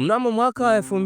Mnamo mwaka elfu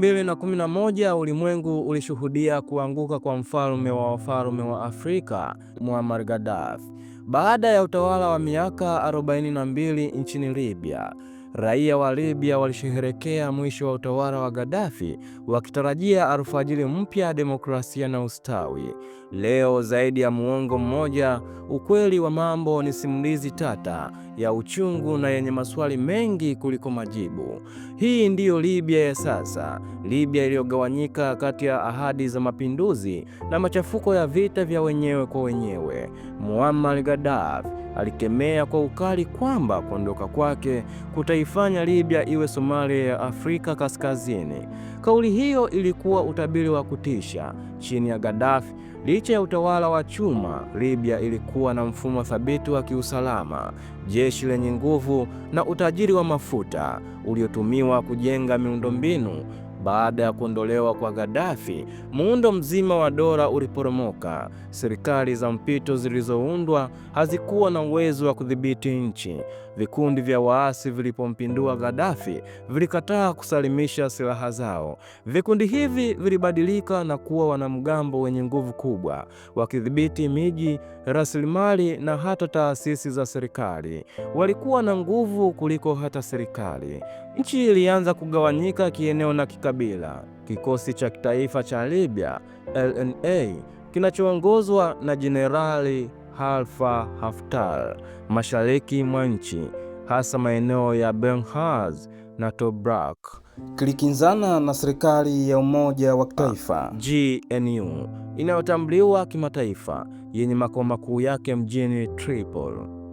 na moja ulimwengu ulishuhudia kuanguka kwa mfalme wa wafalme wa Afrika, Muammar Gaddafi baada ya utawala wa miaka 42 nchini Libya. Raia wa Libya walisherehekea mwisho wa utawala wa Gaddafi wakitarajia alfajiri mpya demokrasia na ustawi. Leo, zaidi ya muongo mmoja, ukweli wa mambo ni simulizi tata ya uchungu na yenye maswali mengi kuliko majibu. Hii ndiyo Libya ya sasa, Libya iliyogawanyika kati ya ahadi za mapinduzi na machafuko ya vita vya wenyewe kwa wenyewe. Muammar Gaddafi alikemea kwa ukali kwamba kuondoka kwake kuta kuifanya Libya iwe Somalia ya Afrika Kaskazini. Kauli hiyo ilikuwa utabiri wa kutisha. Chini ya Gaddafi, licha ya utawala wa chuma, Libya ilikuwa na mfumo thabiti wa kiusalama, jeshi lenye nguvu na utajiri wa mafuta uliotumiwa kujenga miundombinu. Baada ya kuondolewa kwa Gaddafi, muundo mzima wa dola uliporomoka. Serikali za mpito zilizoundwa hazikuwa na uwezo wa kudhibiti nchi. Vikundi vya waasi vilipompindua Gaddafi vilikataa kusalimisha silaha zao. Vikundi hivi vilibadilika na kuwa wanamgambo wenye nguvu kubwa, wakidhibiti miji, rasilimali na hata taasisi za serikali. Walikuwa na nguvu kuliko hata serikali. Nchi ilianza kugawanyika kieneo na kikabila. Kikosi cha kitaifa cha Libya, LNA, kinachoongozwa na Jenerali halfa Haftar mashariki mwa nchi, hasa maeneo ya Benghaz na Tobruk. Kilikinzana na serikali ya umoja wa kitaifa GNU inayotambuliwa kimataifa yenye makao makuu yake mjini Tripoli.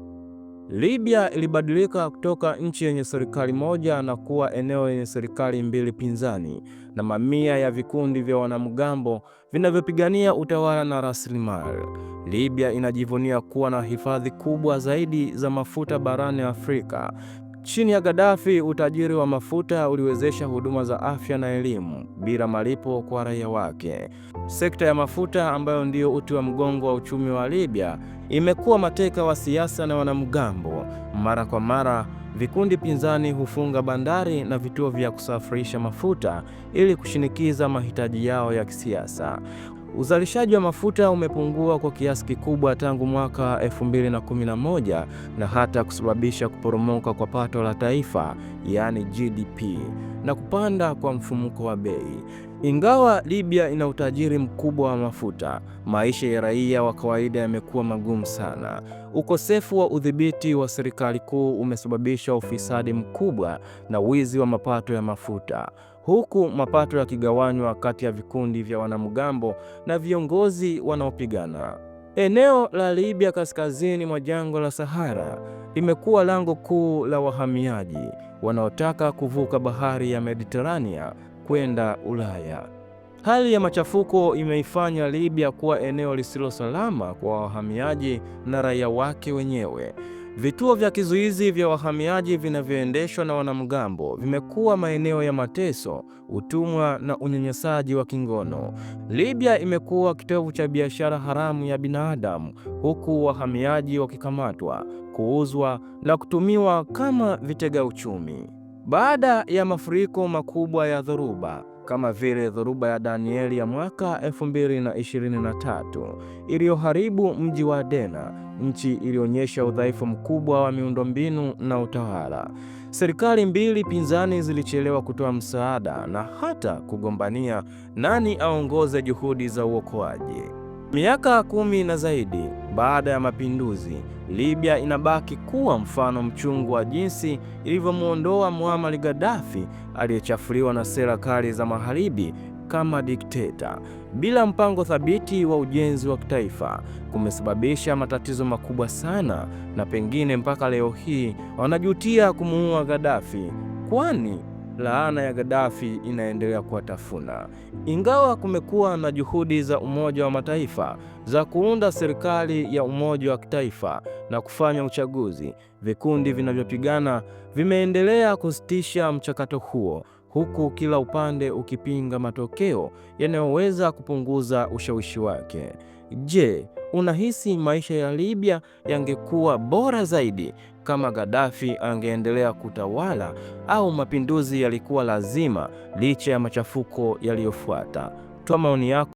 Libya ilibadilika kutoka nchi yenye serikali moja na kuwa eneo lenye serikali mbili pinzani na mamia ya vikundi vya wanamgambo vinavyopigania utawala na rasilimali. Libya inajivunia kuwa na hifadhi kubwa zaidi za mafuta barani Afrika Chini ya Gaddafi, utajiri wa mafuta uliwezesha huduma za afya na elimu bila malipo kwa raia wake. Sekta ya mafuta ambayo ndiyo uti wa mgongo wa uchumi wa Libya imekuwa mateka wa siasa na wanamgambo. Mara kwa mara, vikundi pinzani hufunga bandari na vituo vya kusafirisha mafuta ili kushinikiza mahitaji yao ya kisiasa. Uzalishaji wa mafuta umepungua kwa kiasi kikubwa tangu mwaka 2011 na, na hata kusababisha kuporomoka kwa pato la taifa yaani GDP na kupanda kwa mfumuko wa bei. Ingawa Libya ina utajiri mkubwa wa mafuta, maisha ya raia wa kawaida yamekuwa magumu sana. Ukosefu wa udhibiti wa serikali kuu umesababisha ufisadi mkubwa na wizi wa mapato ya mafuta, huku mapato yakigawanywa kati ya vikundi vya wanamgambo na viongozi wanaopigana. Eneo la Libya kaskazini mwa jangwa la Sahara limekuwa lango kuu la wahamiaji wanaotaka kuvuka bahari ya Mediterania kwenda Ulaya. Hali ya machafuko imeifanya Libya kuwa eneo lisilo salama kwa wahamiaji na raia wake wenyewe. Vituo vya kizuizi vya wahamiaji vinavyoendeshwa na wanamgambo vimekuwa maeneo ya mateso, utumwa na unyanyasaji wa kingono. Libya imekuwa kitovu cha biashara haramu ya binadamu, huku wahamiaji wakikamatwa, kuuzwa na kutumiwa kama vitega uchumi. Baada ya mafuriko makubwa ya dhoruba kama vile dhoruba ya Danieli ya mwaka 2023 iliyoharibu mji wa dena nchi ilionyesha udhaifu mkubwa wa miundombinu na utawala. Serikali mbili pinzani zilichelewa kutoa msaada na hata kugombania nani aongoze juhudi za uokoaji. Miaka kumi na zaidi baada ya mapinduzi Libya inabaki kuwa mfano mchungu wa jinsi ilivyomwondoa Muammar Gaddafi aliyechafuliwa na sera kali za Magharibi kama dikteta bila mpango thabiti wa ujenzi wa kitaifa kumesababisha matatizo makubwa sana, na pengine mpaka leo hii wanajutia kumuua Gaddafi kwani laana ya Gaddafi inaendelea kuwatafuna. Ingawa kumekuwa na juhudi za Umoja wa Mataifa za kuunda serikali ya umoja wa kitaifa na kufanya uchaguzi, vikundi vinavyopigana vimeendelea kusitisha mchakato huo, huku kila upande ukipinga matokeo yanayoweza kupunguza ushawishi wake. Je, unahisi maisha ya Libya yangekuwa bora zaidi kama Gaddafi angeendelea kutawala au mapinduzi yalikuwa lazima licha ya machafuko yaliyofuata. Toa maoni yako.